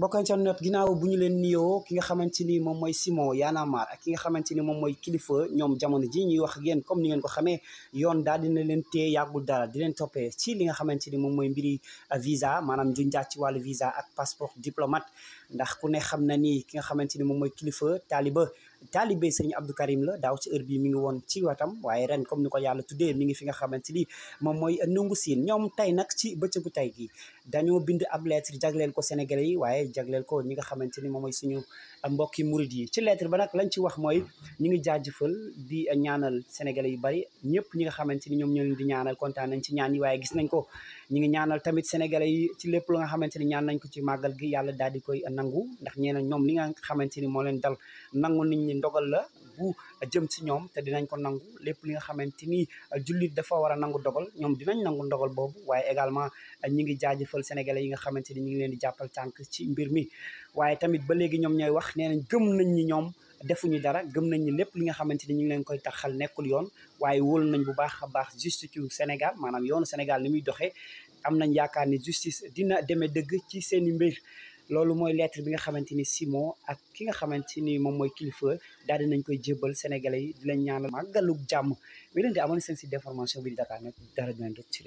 mbokk sa not ginnaaw bu ñu leen nuyoo ki nga xamante ni moom mooy Simon Y'en a marre ki nga xamante ni moom mooy kilifa ñoom jamono ji ñuy wax ak yéen comme ni ngeen ko xamee yoon daal dina leen téye yàggul di leen toppee ci li nga xamante ni moom mooy mbiri euh, visa maanaam junjaat ci wàllu visa ak passeport diplomate ndax ku ne xam na ni ki nga xamante ni moom mooy kilifa taaliba taalibe sëriñ Abdou Karim la daaw ci heure bi mi ngi woon ci watam waaye ren comme ni ko yàlla tuddee mi ngi fi nga xamante ni moom mooy nungu siin ñoom tey nag ci bëccëgu tey gi dañoo bind ab lettre jagleel ko Sénégalais yi waaye jagleel ko ñi nga xamante ni moom mooy suñu mbokki murid yi ci lettre ba nag lañ ci wax mooy ñu ngi jaajëfal di ñaanal Sénégalais yu bari ñëpp ñi nga xamante ni ñoom ñoo di ñaanal kontaan nañ ci ñaan yi waaye gis nañ ko ñi ngi ñaanal tamit Sénégalais yi ci lépp lu nga xamante ni ñaan nañ ko ci màggal gi yàlla daal di koy nangu ndax ñeneen ñoom ni moo leen dal nangu niñ ni ndogal la bu jëm si ñoom te dinañ ko nangu lépp li nga xamante ni jullit dafa war a nangu dogal ñoom dinañ nangu ndogal boobu waaye également ñi ngi jaajëfal sénégalais yi nga xamante ni ñu ngi leen di jàppal tànk ci mbir mi waaye tamit ba léegi ñoom ñooy wax nee nañ nañ ñi ñoom defuñu dara gëm nañ ni lépp li nga xamante ni ñu ngi leen koy taxal nekkul yoon waaye wóolu nañ bu baax a baax justice Sénégal maanaam yoonu Sénégal ni muy doxee am nañ dëgg ci seen i mbir loolu mooy lettre bi nga xamante ni Simon ak ki nga xamante ni moom mooy kilifa daal nañ koy jébbal sénégalais yi di leen ñaanal màggalug jàmm mi leen di amoon seen site d'information bi di Dakarnet dara du leen rëcc ci